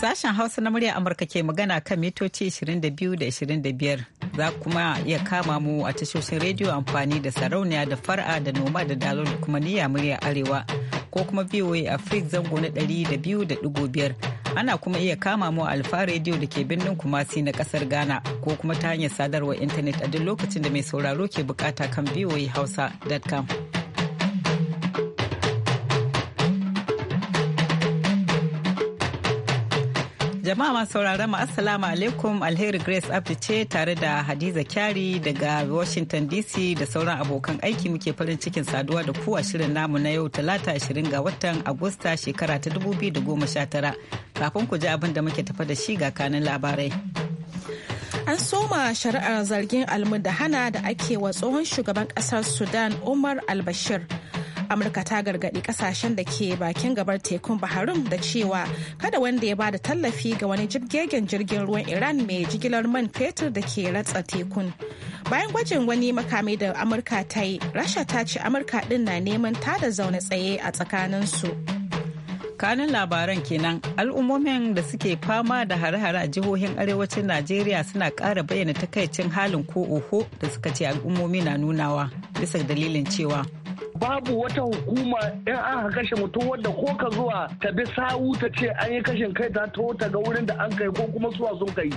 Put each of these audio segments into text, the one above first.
Sashen Hausa na murya Amurka ke magana kan mitoci 22 da 25 za kuma iya kama mu a tashoshin rediyo amfani da sarauniya da fara da noma da dalo da kuma niyya murya arewa ko kuma VOA Africa zango na 200.5 ana kuma iya kama mu a alfa rediyo da ke birnin Kumasi na kasar Ghana ko kuma ta hanyar sadarwar intanet a duk lokacin da mai sauraro ke bukata kan voahausa.com. Jama'a masu sauraron mu Assalamu alaikum Alheri Grace Abdi ce tare da Hadiza Kyari daga Washington DC da sauran abokan aiki muke farin cikin saduwa da ku shirin namu na yau talata 20 ga watan Agusta shekara ta 2019 kafin ku ji abin da muke tafa da shi ga kanin labarai. An soma shari'ar zargin almudahana da ake wa tsohon shugaban kasar Sudan Umar al amurka ta gargaɗi kasashen da ke bakin gabar tekun baharum da cewa kada wanda ya bada tallafi ga wani jirgegen jirgin ruwan iran mai jigilar man fetur da ke ratsa tekun bayan gwajin wani makami da amurka ta yi rasha ta ce amurka din na neman ta da zaune tsaye a tsakanin su. kanun labaran kenan al'ummomin da suke fama da hare-hare a jihohin arewacin najeriya suna kara bayyana takaicin halin ko oho da suka ce al'ummomi na nunawa bisa dalilin cewa babu wata hukuma in an kashe mutum wadda ko ka zuwa ta bi sawu ta ce an yi kashin kai ta to ta ga wurin da an kai ko kuma zuwa sun kai.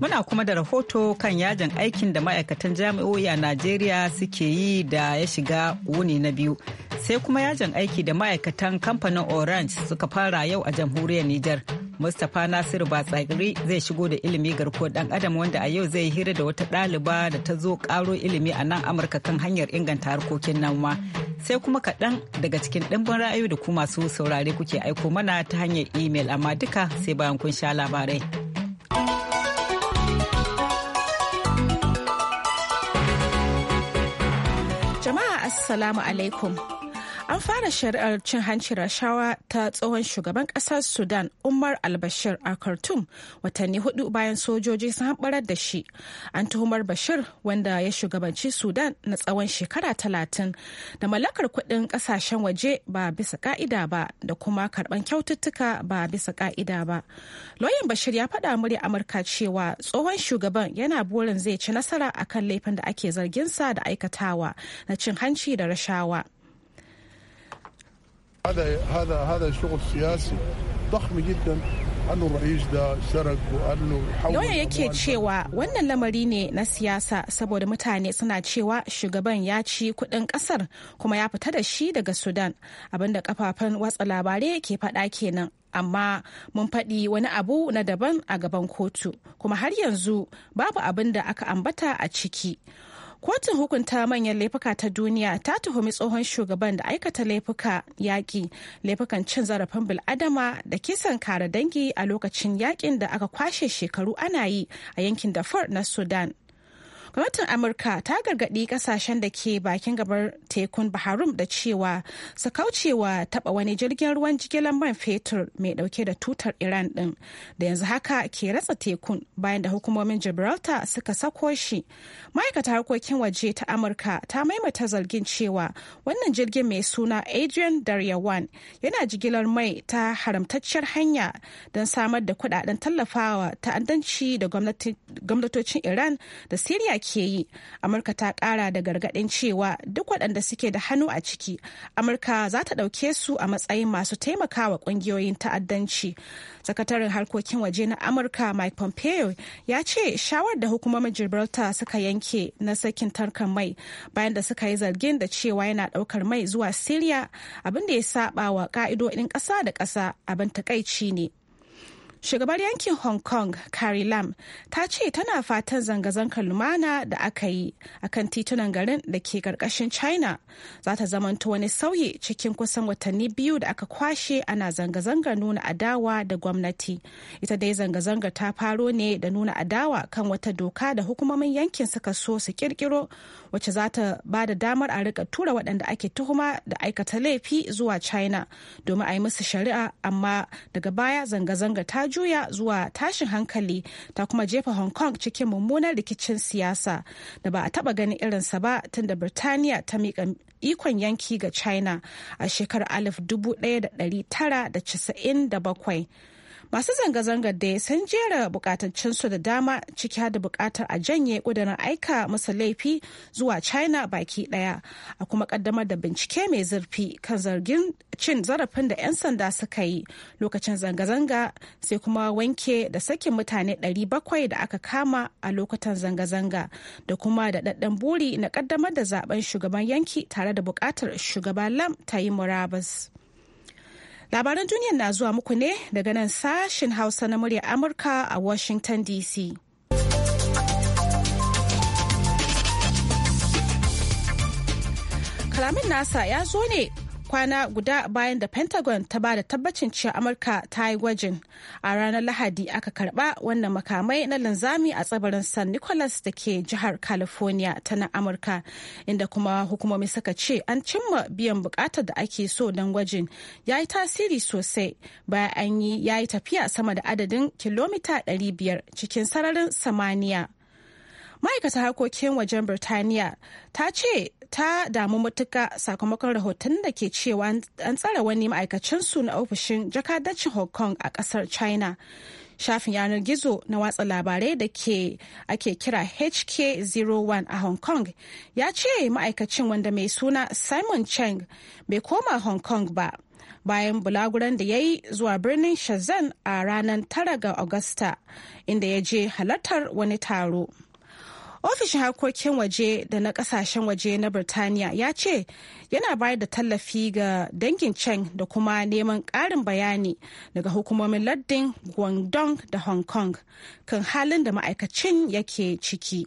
Muna kuma da rahoto kan yajin aikin da ma'aikatan jami'o'i a Najeriya suke yi da ya shiga wuni na biyu. Sai kuma yajin aiki da ma'aikatan kamfanin Orange suka fara yau a jamhuriyar Nijar. Mustapha Nasiru Batsagiri zai shigo da ilimi garkuwar dan adam wanda a yau zai hira da wata ɗaliba da ta zo ƙaro ilimi a nan Amurka kan hanyar inganta harkokin nan ma. sai kuma kaɗan daga cikin ɗimbin ra'ayoyi da ku masu saurare kuke aiko mana ta hanyar imel amma duka sai bayan kun sha labarai. Jama'a Assalamu alaikum. An fara shari'ar cin hanci rashawa ta tsohon shugaban ƙasar Sudan Umar al-Bashir a Khartoum watanni hudu bayan sojoji sun haɓarar da shi. An tuhumar Bashir wanda ya shugabanci Sudan na tsawon shekara talatin da mallakar kuɗin ƙasashen waje ba bisa ƙa'ida ba da kuma karɓan kyaututtuka ba bisa ƙa'ida ba. Lauyan Bashir ya faɗa murya Amurka cewa tsohon shugaban yana burin zai ci nasara akan laifin da ake zargin sa da aikatawa na cin hanci da rashawa. هذا هذا هذا شغل سياسي ضخم جدا yake cewa wannan lamari ne na siyasa saboda mutane suna cewa shugaban ya ci kuɗin ƙasar kuma ya fita da shi daga Sudan abinda kafafen watsa labarai ke faɗa kenan. Amma mun faɗi wani abu na daban a gaban kotu kuma har yanzu babu abin da aka ambata a ciki. Kotun hukunta manyan laifuka ta duniya ta tuhumi tsohon shugaban da aikata laifuka yaƙi, laifukan cin zarafin bil'adama da kisan kara dangi a lokacin yaƙin da aka kwashe shekaru ana yi a yankin Darfur na Sudan. gwamnatin amurka ta gargaɗi ƙasashen da ke bakin gabar tekun baharum da cewa su kaucewa taɓa wani jirgin ruwan jigilar man fetur mai ɗauke da tutar iran ɗin da yanzu haka ke ratsa tekun bayan da hukumomin gibraltar suka sako shi ma'aikata harkokin waje ta amurka ta maimaita zargin cewa wannan jirgin mai suna adrian daryawan yana jigilar mai ta haramtacciyar hanya don samar da kuɗaɗen tallafawa ta'addanci da gwamnatocin iran da siriya ke yi amurka ta kara da gargadin cewa duk waɗanda suke da hannu a ciki amurka za ta ɗauke su a matsayin masu taimakawa ƙungiyoyin ta'addanci sakataren harkokin waje na amurka mike pompeo ya ce shawar da hukumomin gibraltar suka yanke na sakin tarkar mai bayan da suka yi zargin da cewa yana ɗaukar mai zuwa syria abin da ya saba wa ƙa'idodin ƙasa da ƙasa abin takaici ne Shugabar yankin Hong Kong, Carrie Lam, ta ce tana fatan zanga-zangar lumana da aka yi a kan titunan garin da ke karkashin China za ta zamanto wani sauyi cikin kusan watanni biyu da aka kwashe ana zanga-zangar nuna adawa da gwamnati. Ita dai zanga-zangar ta faro ne da nuna adawa kan wata doka da hukumomin yankin suka so su kirkiro wacce za ta ba da damar a rika tura waɗanda ake tuhuma da aikata laifi zuwa china domin a yi musu shari'a amma daga baya zanga-zanga ta juya zuwa tashin hankali ta kuma jefa hong kong cikin mummunar rikicin siyasa da ba a taɓa ganin irinsa ba tun da birtaniya ta mika ikon yanki ga china a shekarar 1997 masu zanga-zangar da ya sun jera su da dama ciki da bukatar a janye kudirin aika musu laifi zuwa china baki daya a kuma kaddamar da bincike mai zurfi kan zargin cin zarafin da 'yan sanda suka yi lokacin zanga-zanga sai kuma wanke da sakin mutane 700 da aka kama a lokutan zanga-zanga da kuma da daddan buri na kaddamar da zaben shugaban yanki tare da bukatar shugaban lam ta yi murabus. Labaran duniyar na zuwa muku ne daga nan sashen Hausa na murya Amurka a Washington DC. Kalamin nasa ya zo ne kwana guda bayan da pentagon ta ba da tabbacin cewa amurka ta yi gwajin a ranar lahadi aka karba wannan makamai na linzami a tsibirin san nicholas da ke jihar california ta na amurka inda kuma hukumomi suka ce an cimma biyan bukatar da ake so don gwajin ya yi tasiri sosai bayan an yi ya yi tafiya sama da adadin kilomita 500 cikin sararin samaniya Ma'aikata harkokin wajen birtaniya ta ce ta damu matuka sakamakon rahoton da ke cewa an tsara wani ma'aikacinsu na ofishin jakadancin hong kong a kasar china shafin yanar gizo na watsa labarai da ke ake kira hk01 a hong kong ya ce ma'aikacin wanda mai suna simon cheng bai koma hong kong ba bayan bulaguran da ya yi zuwa birnin shenzhen a ranar 9 ga agusta inda ya je halartar wani taro ofishin harkokin waje da na kasashen waje na birtaniya ya ce yana bayar da tallafi ga dangin cheng da kuma neman ƙarin bayani daga hukumomin lardin guangdong da hong kong kan halin da ma'aikacin yake ciki.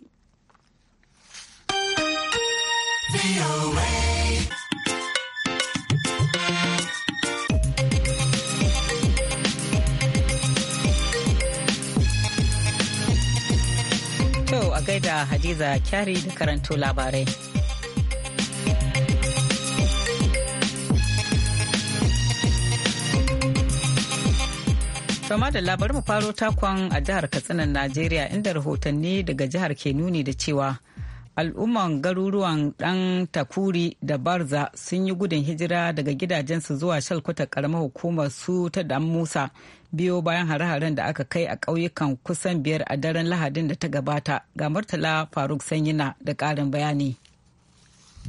To a gaida Hadiza Kyari da karanto labarai. sama da labarin mu faro takon a jihar Katsina Najeriya inda rahotanni daga jihar ke nuni da cewa al'umman garuruwan dan takuri da barza sun yi gudun hijira daga gidajensu zuwa shalkwata karamar hukumar su ta dan musa biyo bayan hare-haren da aka kai a ƙauyukan kusan biyar a daren lahadin da ta gabata ga murtala faruk sanyina da ƙarin bayani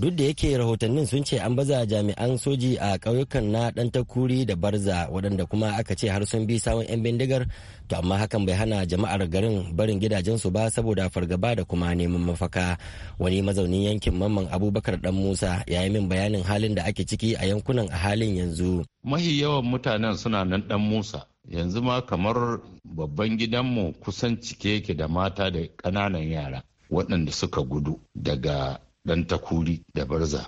duk da yake rahotannin sun ce an baza jami'an soji a ƙauyukan na ɗan takuri da barza waɗanda kuma aka ce har sun bi sawon 'yan bindigar to amma hakan bai hana jama'ar garin barin gidajensu ba saboda fargaba da kuma neman mafaka wani mazaunin yankin mamman abubakar dan musa ya yi min bayanin halin da ake ciki a yankunan a halin yanzu mahi yawan mutanen suna nan dan musa yanzu ma kamar babban gidanmu kusan cike yake da mata da ƙananan yara waɗanda suka gudu daga dan takuri da barza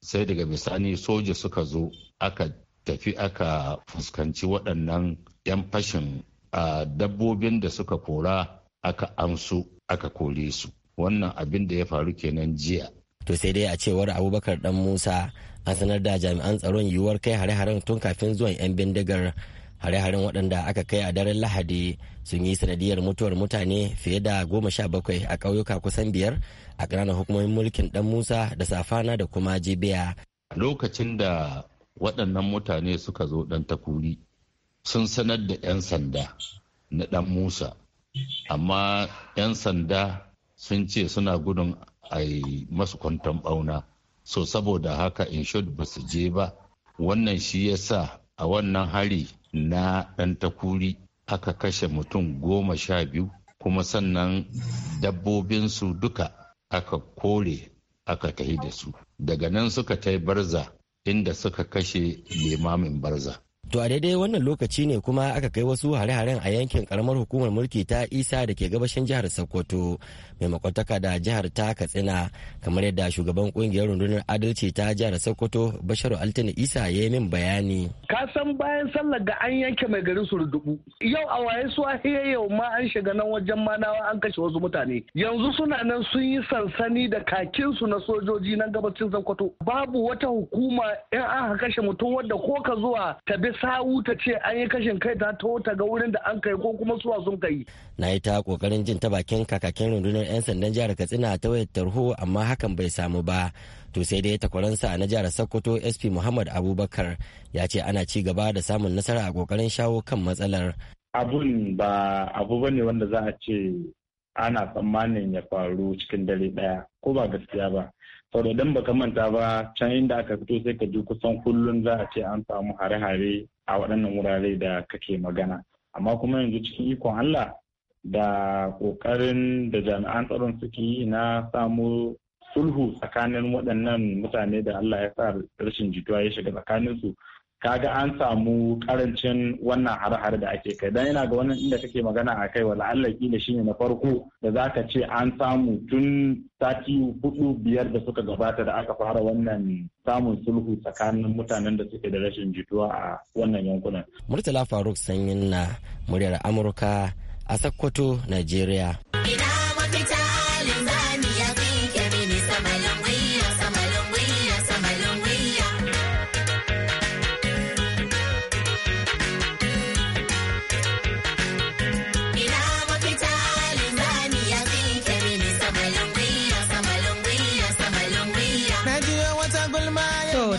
sai daga bisani soja suka zo aka tafi aka fuskanci waɗannan 'yan fashin a dabbobin da suka kora aka amsu aka kore su wannan abin da ya faru kenan jiya to sai dai a cewar abubakar dan musa an sanar da jami'an tsaron yiwuwar kai hare-haren tun kafin zuwan 'yan bindigar hare-haren waɗanda aka kai a daren lahadi sun yi sanadiyar mutuwar mutane fiye da goma sha bakwai a ƙauyuka kusan biyar a ƙananan hukumomin mulkin dan musa da safana da kuma jibiya lokacin da waɗannan mutane suka zo ɗan takuri sun sanar da 'yan sanda na ɗan musa amma 'yan sanda sun ce suna gudun a masu kwanton ɓauna so saboda haka inshod ba su je ba wannan shi ya sa a wannan hari na ɗan takuri aka kashe mutum goma sha biyu kuma sannan dabbobinsu duka aka kore aka tahi da su daga nan suka tai barza inda suka kashe limamin barza To a daidai wannan lokaci ne kuma aka kai wasu hare-haren a yankin karamar hukumar mulki ta isa da ke gabashin jihar Sokoto mai makwataka da jihar ta Katsina kamar yadda shugaban kungiyar rundunar adalci ta jihar Sokoto Basharu Altin Isa ya yi min bayani. Ka san bayan sallar ga an yanke mai garin su surdubu. Yau a waye suwa yau ma an shiga nan wajen manawa an kashe wasu mutane. Yanzu suna nan sun yi sansani da kakinsu na sojoji nan gabacin Sokoto. Babu wata hukuma in an kashe mutum wadda ko ka zuwa ta bisa sawu ta ce an yi kashin kai ta taho ta ga wurin da an kai ko kuma suwa sun kai. Na yi ta kokarin jin ta bakin kakakin rundunar 'yan sandan jihar Katsina ta wayar tarho amma hakan bai samu ba. To sai dai takwaransa na jihar Sokoto SP Muhammad Abubakar ya ce ana ci gaba da samun nasara a kokarin shawo kan matsalar. Abun ba abu bane wanda za a ce ana tsammanin ya faru cikin dare ɗaya ko ba gaskiya ba saboda dan baka manta ba can inda aka fito sai ka ji kusan kullum za a ce an samu hare-hare a waɗannan wurare da kake magana amma kuma yanzu cikin ikon Allah da ƙoƙarin da jami'an tsaron suke yi na samu sulhu tsakanin waɗannan mutane da Allah ya sa rashin jituwa ya shiga tsakaninsu kaga an samu karancin wannan har-har da ake kai dan yana ga wannan inda kake magana a kai wala Allah kila shine na farko da zaka ce an samu tun sati hudu biyar da suka gabata da aka fara wannan samun sulhu tsakanin mutanen da suke da rashin jituwa a wannan yankunan. Murtala Faruk Sanyin na muryar Amurka a Sokoto, nigeria.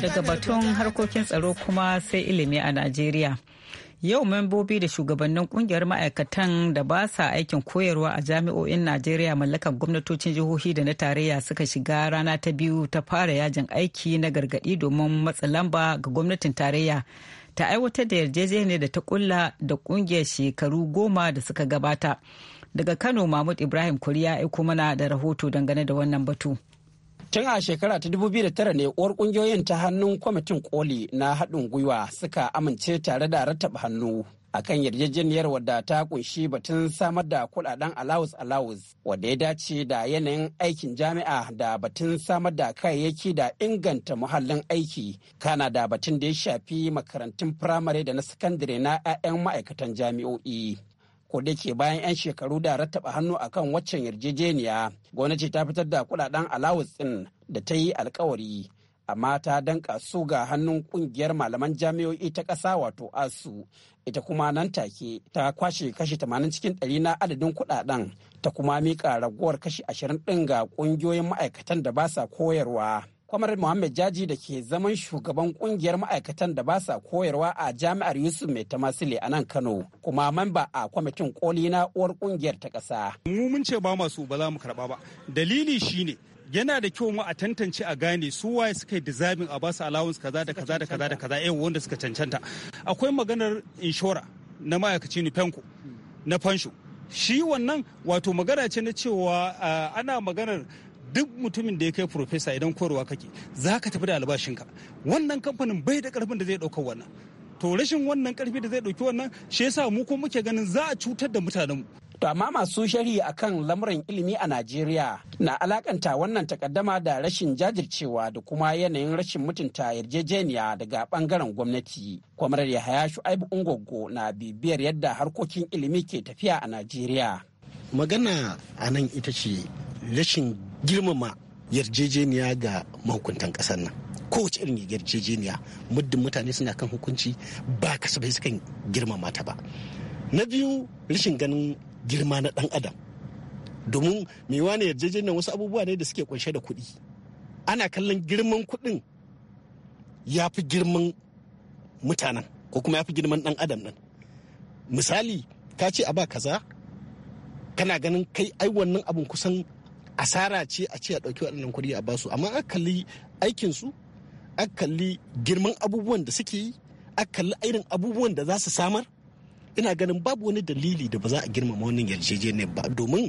daga batun harkokin tsaro kuma sai ilimi a najeriya yau membobi da shugabannin kungiyar ma'aikatan da ba sa aikin koyarwa a jami'o'in najeriya mallakar gwamnatocin jihohi da na tarayya suka shiga rana ta biyu ta fara yajin aiki na gargadi domin matsa lamba ga gwamnatin tarayya ta aiwatar da yarjejeniyar da ta kulla da kungiyar shekaru goma da suka gabata daga kano mahmud ibrahim kuriya aiko mana da rahoto dangane da wannan batu. Tun a shekara ta dubu da tara ne uwar kungiyoyin ta hannun kwamitin koli na haɗin gwiwa suka amince tare da rattaba hannu akan yarjejeniyar wadda ta kunshi batun samar da kudaden alawus alawus wadda ya dace da yanayin aikin jami'a da batun samar da kayayyaki da inganta muhallin aiki kana da batun da ya shafi makarantun firamare da na sakandare na 'ya'yan ma'aikatan jami'o'i ko da ke bayan 'yan shekaru da rattaba hannu akan waccan yarjejeniya gwamnati ta fitar da kudaden alawus din da ta yi alkawari amma ta danka su ga hannun kungiyar malaman jami'o'i ta ƙasa wato asu ita kuma nan take ta kwashe kashi 80 cikin 100 na adadin kudaden ta kuma miƙa ragowar kashi 20 ɗin ga ƙungiyoyin ma'aikatan da ba sa koyarwa kwamar muhammad jaji da ke zaman shugaban kungiyar ma'aikatan da ba sa koyarwa a jami'ar yusuf mai tamasile a nan kano kuma mamba a kwamitin koli na uwar kungiyar ta kasa. mu mun ce ba masu ba za mu karɓa ba dalili shine yana da kyau a tantance a gane su waye suka yi dizabin a basu allowance kaza da kaza da kaza da kaza eh wanda suka cancanta akwai maganar inshora na ma'aikaci ni fenko na fansho shi wannan wato magana ce na cewa ah, ana maganar duk mutumin da ya kai profesa idan korowa kake za ka tafi da albashinka wannan kamfanin bai da karfin da zai ɗaukar wannan to rashin wannan karfi da zai ɗauki wannan shi yasa mu ko muke ganin za a cutar da mutanen To amma masu sharhi akan lamuran ilimi a Najeriya na alakanta wannan takaddama da rashin jajircewa da kuma yanayin rashin mutunta yarjejeniya daga bangaren gwamnati. Kwamarar Yahaya Shu'aibu Ungogo na bibiyar yadda harkokin ilimi ke tafiya a Najeriya. Magana a nan ita ce rashin girmama yarjejeniya ga mahukuntan ƙasar nan kowace irin yarjejeniya muddin mutane suna kan hukunci ba bai sukan girmama ta ba na biyu rashin ganin girma na ɗan adam domin mai ne yarjejeniyar wasu abubuwa ne da suke kunshe da kuɗi ana kallon girman kuɗin ya fi girman mutanen ko kuma ya fi girman ɗan adam nan misali ka ce a ba kaza kana ganin kai ai wannan abin kusan asara ce a ce a ɗauki waɗannan kuɗi a basu amma a kalli su akalli kalli girman abubuwan da suke yi a kalli irin abubuwan da za su samar ina ganin babu wani dalili da ba za a girmama wannan yarjejeniyar ba domin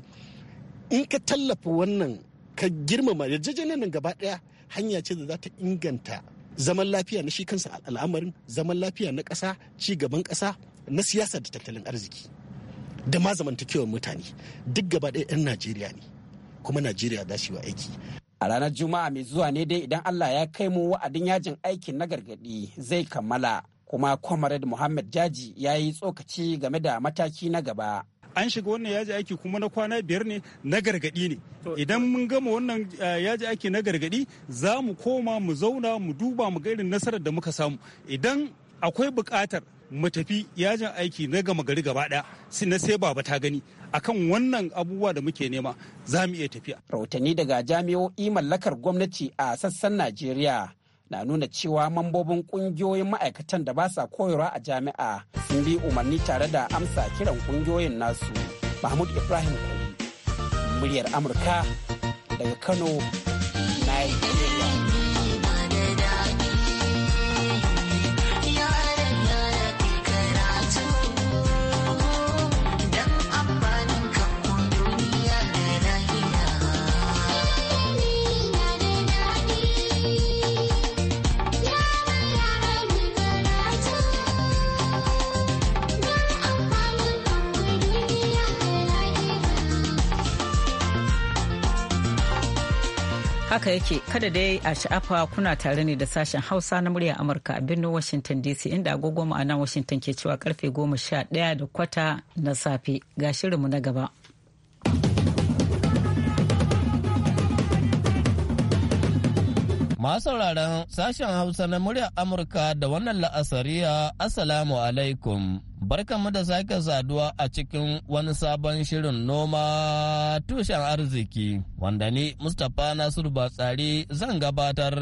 in ka tallafa wannan ka girmama yarjejeniyar nan gaba ɗaya hanya ce da za ta inganta zaman lafiya na shi kansa al'amarin zaman lafiya na ƙasa ci gaban ƙasa na siyasa da tattalin arziki da ma zamantakewar mutane duk gaba ɗaya 'yan najeriya ne kuma najeriya za su yi wa aiki a ranar juma'a mai zuwa ne dai idan allah ya kai mu wa'adin yajin aikin na gargadi zai kammala kuma comrade muhammad jaji ya yi tsokaci game da mataki na gaba an shiga wannan yaji aiki kuma na kwana biyar ne na gargadi ne idan mun gama wannan eh, yaji aiki na gargadi za mu koma mu zauna mu duba mu ga irin nasarar da muka samu idan akwai buƙatar mu tafi yajin aiki na gama gari gaba ɗaya na sai baba ta gani akan wannan abubuwa da muke nema za mu iya tafiya. Rahotanni daga jami'o'i mallakar gwamnati a sassan Najeriya na nuna cewa mambobin ƙungiyoyin ma'aikatan da ba sa koyarwa a jami'a sun bi umarni tare da amsa kiran ƙungiyoyin nasu. Mahmud Ibrahim Kwari, muryar Amurka daga Kano, Haka yake kada dai a sha'afa kuna tare ne da sashen Hausa na murya Amurka a birnin Washington DC inda agogo ma'ana Washington ke cewa karfe goma sha ɗaya da kwata na safe ga shirinmu na gaba. Masu sauraron sashen Hausa na muryar Amurka da wannan la'asariya Assalamu alaikum. Barkanmu da sake saduwa a cikin wani sabon shirin noma tushen arziki wanda ni Mustapha Nasiru Batsari zan gabatar.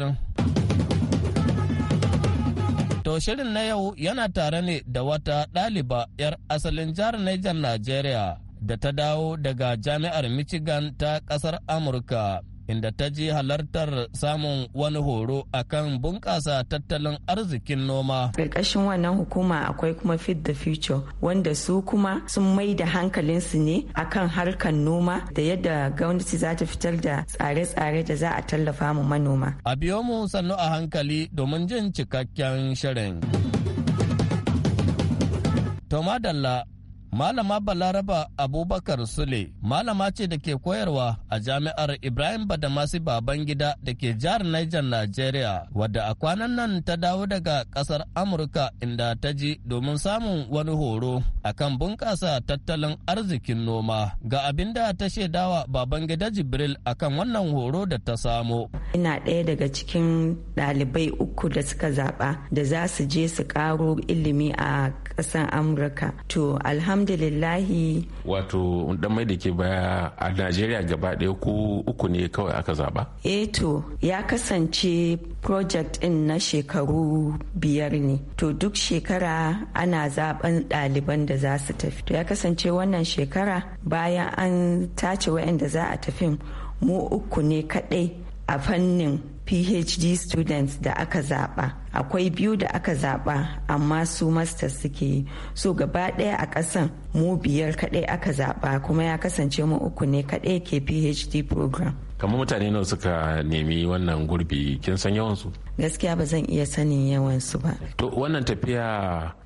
To shirin na yau yana tare ne da wata ɗaliba 'yar asalin jihar Niger Najeriya da ta dawo daga jami'ar Michigan ta ƙasar Amurka. inda ta je halartar samun wani horo a kan bunƙasa tattalin arzikin noma. Ƙarƙashin wannan hukuma akwai kuma Feed the Future wanda su kuma sun mai da hankalinsu ne akan harkar noma da yadda gwamnati za ta fitar da tsare-tsare da za a tallafa mu manoma. A biyo mu sannu a hankali domin jin cikakken shirin. Tomadalla Malama Balaraba Abubakar Sule, malama ce da ke koyarwa a jami'ar Ibrahim Badamasi Babangida da ke jihar Niger, Najeriya, wadda a kwanan nan ta dawo daga ƙasar Amurka inda ta ji domin samun wani horo akan bunƙasa tattalin arzikin noma. Ga abin da ta shaidawa Babangida Jibril akan wannan horo da ta samo. Ina ɗaya daga cikin ɗalibai uku da suka zaɓa da za su je su ƙaro ilimi a ƙasar Amurka. To, alhamdulillah alhamdulillahi wato dan mai da ke baya a najeriya gaba ɗaya ku uku ne kawai aka zaba eh to ya kasance project ɗin na shekaru biyar ne to duk shekara ana zaben ɗaliban da za su tafi to ya kasance wannan shekara bayan an tace waɗanda za a tafi mu uku ne kaɗai a fannin phd students da aka zaba akwai biyu da aka zaba amma su masters suke yi so gaba ɗaya a ƙasan mu biyar kaɗai aka zaba kuma ya kasance mu uku ne kaɗai ke phd program kamar mutane nawa suka nemi wannan gurbi kin san yawan su gaskiya ba zan iya sanin yawan su ba to wannan tafiya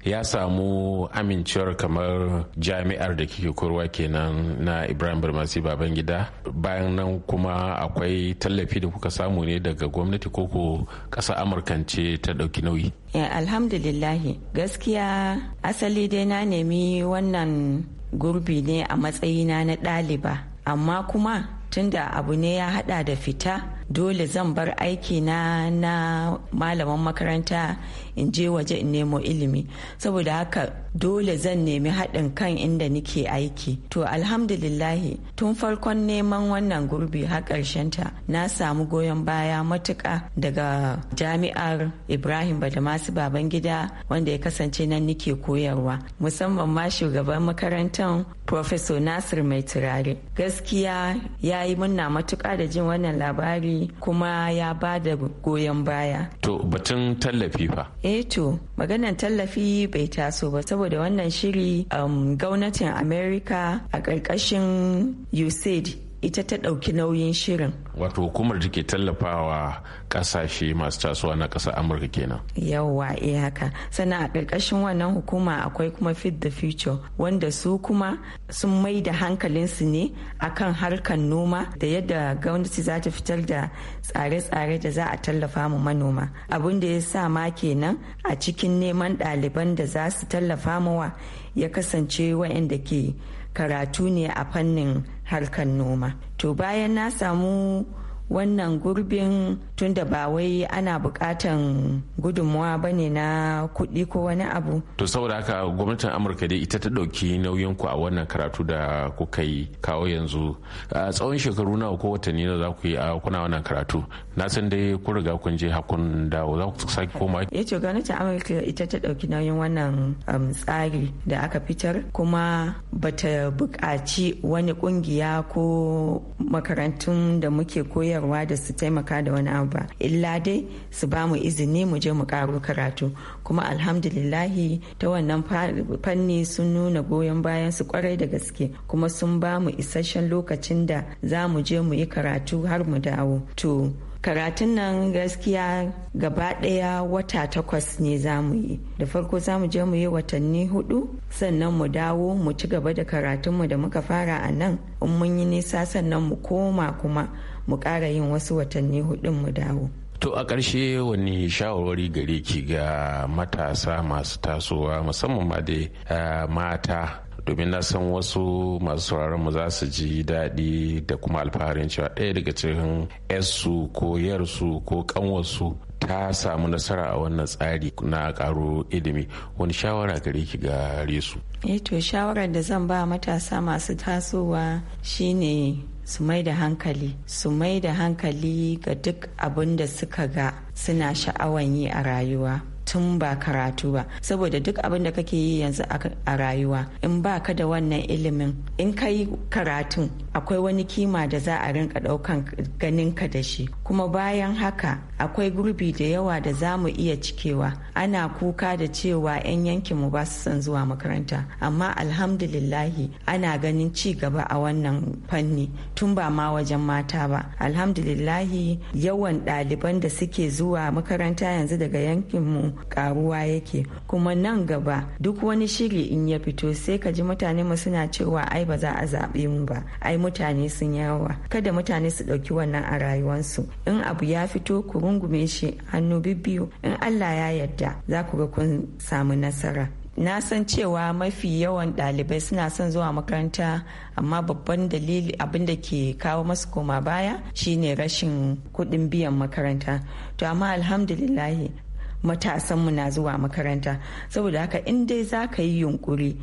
ya samu amincewar kamar jami'ar da kike korwa kenan na Ibrahim Barmasi gida bayan nan kuma akwai tallafi da kuka samu ne daga gwamnati koko ƙasa Amurkance ta ɗauki nauyi alhamdulillahi gaskiya asali dai na nemi wannan gurbi ne a matsayina na ɗaliba amma kuma tunda abu ne ya hada da fita dole zan bar aiki na na malaman makaranta in je waje in nemo ilimi saboda haka dole zan nemi haɗin kan inda nike aiki to alhamdulillahi tun farkon neman wannan gurbi har ta na samu goyon baya matuƙa daga jami'ar ibrahim baban babangida wanda ya kasance nan nike koyarwa musamman ma shugaban makarantar professor nasir mai turare gaskiya ya yi muna matuka da jin wannan labari kuma ya ba da goyon baya to batun tallafi fa eh to maganan tallafi bai taso ba saboda wannan shiri um, gwamnatin america a ƙarƙashin usaid ita ta ɗauki nauyin shirin. Wato hukumar da ke tallafawa kasashe masu tasowa na ƙasar Amurka kenan. Yawwa iya eh haka. sana a ƙarƙashin wannan hukuma akwai kuma Feed the Future wanda su kuma sun mai da hankalinsu ne akan harkar noma da yadda gwamnati za ta fitar da tsare-tsare da za a tallafa mu manoma. Abin da ya sa ma kenan a cikin neman ɗaliban da za su tallafa mawa ya kasance waɗanda ke karatu ne a fannin harkar noma to bayan na samu wannan gurbin tunda ba wai ana bukatan gudunmuwa ba ne na kuɗi ko wani abu. To saboda haka gwamnatin Amurka dai ita ta ɗauki nauyin ku a wannan karatu da kuka yi kawo yanzu a tsawon shekaru nawa ko watanni da za ku yi a kuna wannan karatu na san dai kun riga kun je hakun da za ku sake koma. Ya ce eh gwamnatin Amurka ita ta ɗauki nauyin wannan um, tsari da aka fitar kuma bata buƙaci wani ƙungiya ko makarantun da muke koyarwa da su taimaka da wani abu. ba illa dai su ba mu izini mu je mu karo karatu kuma alhamdulillahi ta wannan fanni sun nuna goyon bayan su kwarai da gaske kuma sun ba mu isasshen lokacin da za mu je mu yi karatu har mu dawo to karatun nan gaskiya gaba ɗaya wata takwas ne za mu yi da farko za mu je mu yi watanni hudu sannan mu dawo mu ci gaba da karatunmu da muka fara a nan in mun yi nisa sannan mu koma kuma mu ƙara yin wasu watanni hudun mu dawo To a ƙarshe wani shawarwari gare ki ga matasa masu tasowa musamman ma da mata domin na san wasu masu sauraron mu za su ji daɗi da kuma alfaharin cewa ɗaya daga cikin yarsu ko yarsu ko ƙanwarsu ta samu nasara a wannan tsari na karo ilimi wani shawara gare ki gare su eh to shawarar da zan ba matasa masu tasowa shine su mai da hankali su mai da hankali ga duk abin da suka ga suna sha'awan yi a rayuwa tun ba karatu ba saboda duk abin da kake yi yanzu a rayuwa in ba ka da wannan ilimin in ka yi karatun akwai wani kima da za a rinka daukan ganin ka da shi kuma bayan haka akwai gurbi da yawa da za mu iya cikewa ana kuka da cewa 'yan yankin mu ba su son zuwa makaranta amma alhamdulillahi ana ganin ci gaba a wannan fanni tun ba ma wajen mata ba alhamdulillahi yawan ɗaliban da suke zuwa makaranta yanzu daga yankin mu karuwa yake kuma nan gaba duk wani shiri in ya fito sai ka ji mutane mu suna cewa ai ba za a zabe mu ba ai mutane sun yawa kada mutane su ɗauki wannan a rayuwarsu in abu ya fito ku rungume shi hannu bibbiyu in allah ya yarda za ku ga kun samu nasara na san cewa mafi yawan ɗalibai suna son zuwa makaranta amma babban dalili abin da ke kawo masu koma baya shine rashin kuɗin biyan makaranta to amma alhamdulillahi matasanmu na zuwa makaranta saboda haka in dai za ka yi yunkuri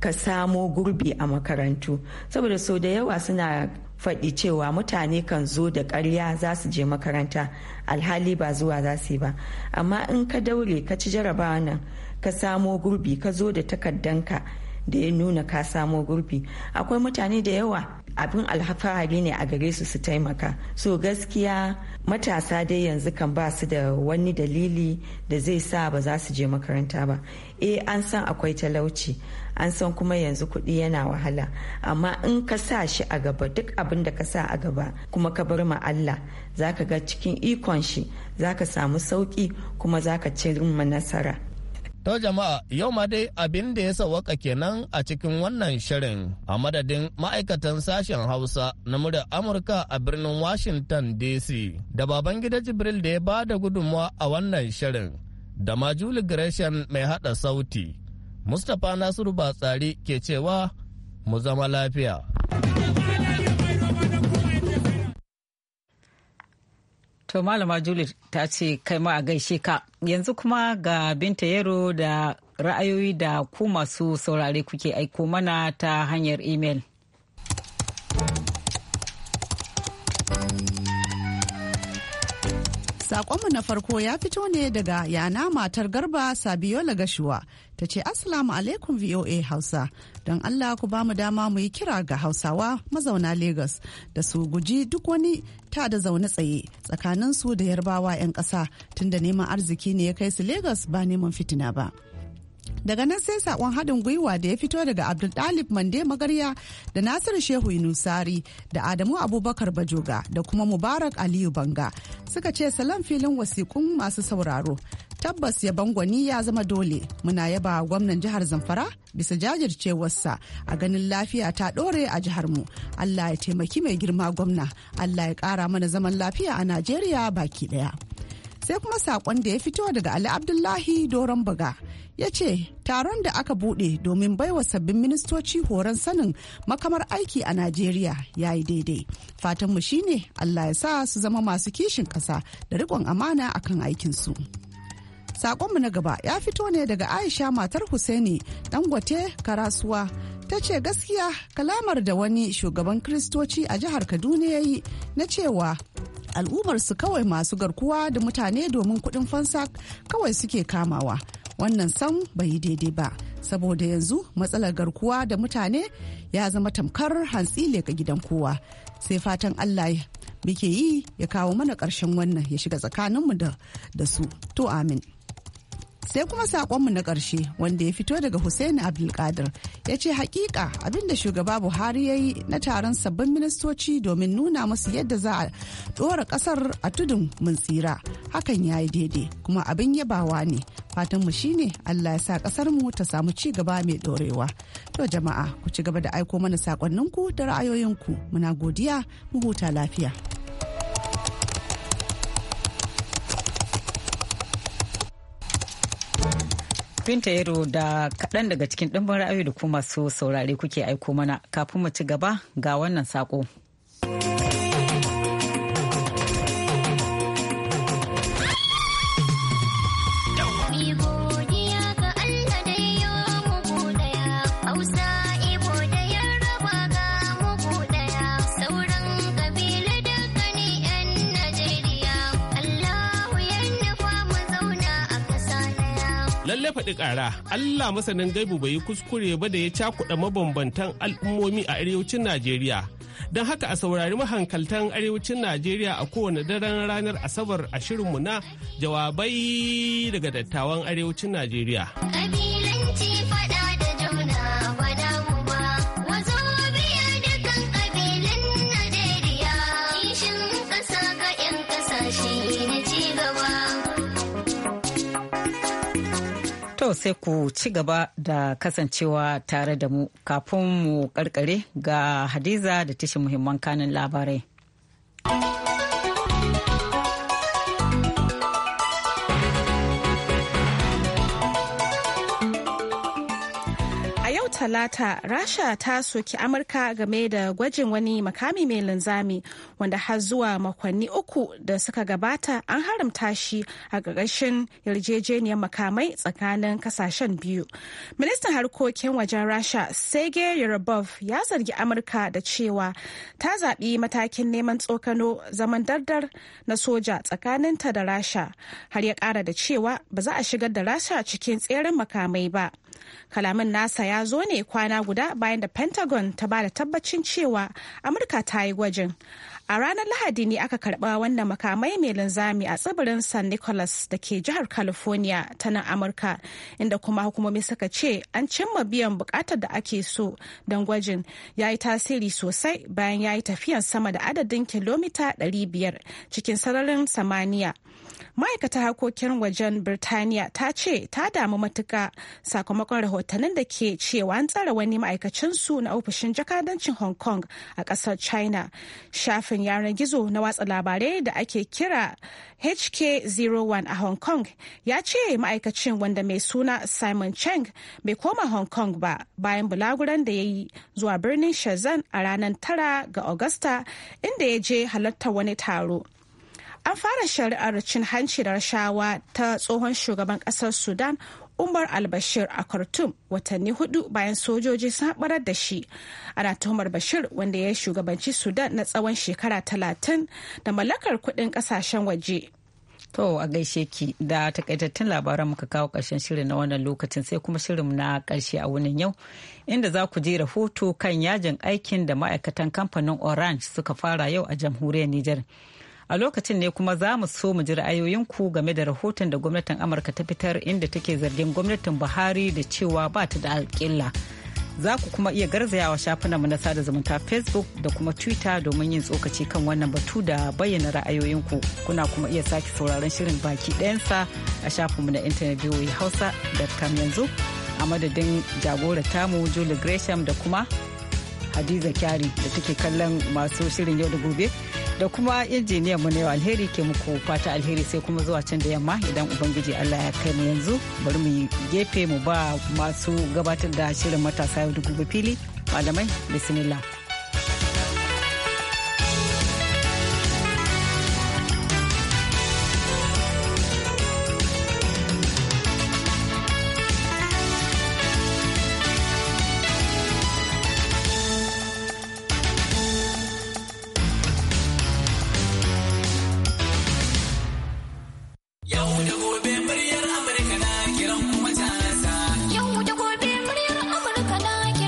ka samo gurbi a makarantu saboda sau da yawa suna faɗi cewa mutane kan zo da ƙarya za su je makaranta alhali ba zuwa za su yi ba amma in ka daure ka ci jarabawa nan ka samo gurbi ka zo da takaddanka da ya nuna ka samo gurbi akwai mutane da yawa abin alfahari ne a gare su su taimaka so gaskiya matasa dai yanzu kan ba su da wani dalili da zai sa ba za su je makaranta ba eh an san akwai talauci an san kuma yanzu kuɗi yana wahala amma in ka sa shi a gaba duk abin da ka sa a gaba kuma ka bar ma Allah za ka ga cikin ikon shi za ka samu sauƙi kuma za ka nasara To jama'a yau ma dai abin da ya sawaka kenan a cikin wannan shirin a madadin ma'aikatan sashen Hausa na muryar Amurka a birnin Washington DC da baban gida Jibril da ya ba da gudunmawa a wannan shirin da ma Julie Gresham mai hada sauti. Mustapha Nasiru Batsari ke cewa mu zama lafiya. To Malama Juliet ta ce kai ma a gaishe ka. Yanzu kuma ga Binta Yaro da ra'ayoyi da ku masu saurare kuke aiko mana ta hanyar imel. Sakonmu na farko ya fito ne daga yana matar garba sabiyo Lagashuwa ta ce Assalamu alaikum VOA Hausa don Allah ku mu dama mu yi kira ga Hausawa mazauna Legas da su guji duk wani ta da zaune tsaye tsakanin su da yarbawa 'yan ƙasa tunda neman arziki ne ya kai su Legas ba neman fitina ba. daga nan sai sakon haɗin gwiwa da ya fito daga abdulɗalib mande magarya da nasir shehu inusari da adamu abubakar bajoga da kuma mubarak aliyu banga suka ce salam filin wasikun masu sauraro tabbas ya gwani ya zama dole muna yaba gwamnan jihar zamfara bisa jajircewarsa a ganin lafiya ta ɗore a jihar mu allah ya taimaki mai girma gwamna allah ya ƙara mana zaman lafiya a najeriya baki ɗaya sai kuma saƙon da ya fito daga ali abdullahi doron baga ya ce taron da aka bude domin baiwa sabbin ministoci horon sanin makamar aiki a najeriya ya yi daidai fatanmu shine allah ya sa su zama masu kishin kasa da riƙon amana akan aikinsu saƙonmu na gaba ya fito ne daga aisha matar husaini dangote karasuwa ta ce gaskiya kalamar da wani shugaban kristoci a jihar kaduna ya yi na cewa al'ummarsu kawai masu garkuwa da mutane domin kuɗin fansa kawai suke kamawa wannan sam bai yi daidai ba saboda yanzu matsalar garkuwa da mutane ya zama tamkar hantsi leka gidan kowa sai fatan allah muke yi ya kawo mana ƙarshen wannan ya shiga tsakaninmu da su to amin sai kuma sakonmu na ƙarshe wanda ya fito daga Hussein Abdulkadir ya ce hakika abinda shugaba Buhari ya yi na taron sabbin ministoci domin nuna musu yadda za a ɗora ƙasar a tudun mun tsira hakan ya yi daidai kuma abin yabawa ne fatanmu shine Allah ya sa ƙasarmu ta samu ci gaba mai ɗorewa. To jama'a ku ci gaba da aiko mana sakonninku da ra'ayoyinku muna godiya mu huta lafiya. Binta Yaro da kaɗan daga cikin ɗimbin ra'ayoyi da kuma su saurare kuke aiko mana kafin mu ci gaba ga wannan saƙo. ya faɗi ƙara, Allah masanin gaibu bai yi kuskure ba da ya cakuɗa mabambantan al'ummomi a arewacin Najeriya. Don haka a saurari mahankaltan arewacin Najeriya a kowane daren ranar Asabar a shirinmu na jawabai daga dattawan arewacin Najeriya. sai ku ci gaba da kasancewa tare da mu kafin mu karkare ga hadiza da tashin muhimman kanin labarai. talata rasha ta soki amurka game da gwajin wani makami mai linzami wanda har zuwa makonni uku da suka gabata an haramta shi a ƙarƙashin yarjejeniyar makamai tsakanin kasashen biyu ministan harkokin wajen rasha sege yarabov ya zargi amurka da cewa ta zaɓi matakin neman tsokano zaman dardar na soja tsakaninta da rasha har ya ƙara da cewa ba za a shigar da rasha cikin tseren makamai ba kalamin nasa ya zo ne kwana guda bayan da pentagon ta ba da tabbacin cewa amurka ta yi gwajin a ranar lahadi ne aka karba wannan makamai mai linzami a tsibirin san nicolas da ke jihar california ta nan amurka inda kuma hukumomi suka ce an cimma biyan bukatar da ake so don gwajin ya yi tasiri sosai bayan ya yi tafiyan sama da adadin kilomita 500 cikin sararin samaniya ma'aikatar harkokin wajen birtaniya ta ce ta damu matuka sakamakon rahotannin da ke cewa an tsara wani ma'aikacinsu na ofishin jakadancin hong kong a kasar china shafin yanar gizo na watsa labarai da ake kira hk01 a hong kong ya ce ma'aikacin wanda mai suna simon cheng bai koma hong kong ba bayan bulaguran da ya yi zuwa birnin shenzhen a ranar 9 ga agusta inda ya je halartar wani taro an fara shari'ar cin hanci da rashawa ta tsohon shugaban kasar sudan umar albashir a khartoum watanni hudu bayan sojoji sun haɓarar da shi ana tuhumar bashir wanda ya shugabanci sudan na tsawon shekara talatin da mallakar kudin kasashen waje To a gaishe ki da takaitattun labaran muka kawo karshen shirin na wannan lokacin sai kuma shirin na karshe a wunin yau inda za ku je rahoto kan yajin aikin da ma'aikatan kamfanin Orange suka fara yau a jamhuriyar Nijar. a lokacin ne kuma za mu so mu ji ra'ayoyin ku game da rahoton da gwamnatin amurka ta fitar inda take zargin gwamnatin buhari da cewa ba ta da alƙilla za ku kuma iya garzayawa shafinanmu na sada zumunta facebook da kuma twitter domin yin tsokaci kan wannan batu da bayyana ra'ayoyinku kuna kuma iya sake sauraron shirin baki ɗayansa a shafinmu na intanet voa kam yanzu a madadin jagora tamu julie gresham da kuma hadiza kyari da take kallon masu shirin yau da gobe da kuma injiniyan mu na alheri ke muku fata alheri sai kuma zuwa can da yamma idan ubangiji allah ya kai mu yanzu bari mu gefe mu ba masu gabatar da shirin matasa yau da gobe fili malamai bismillah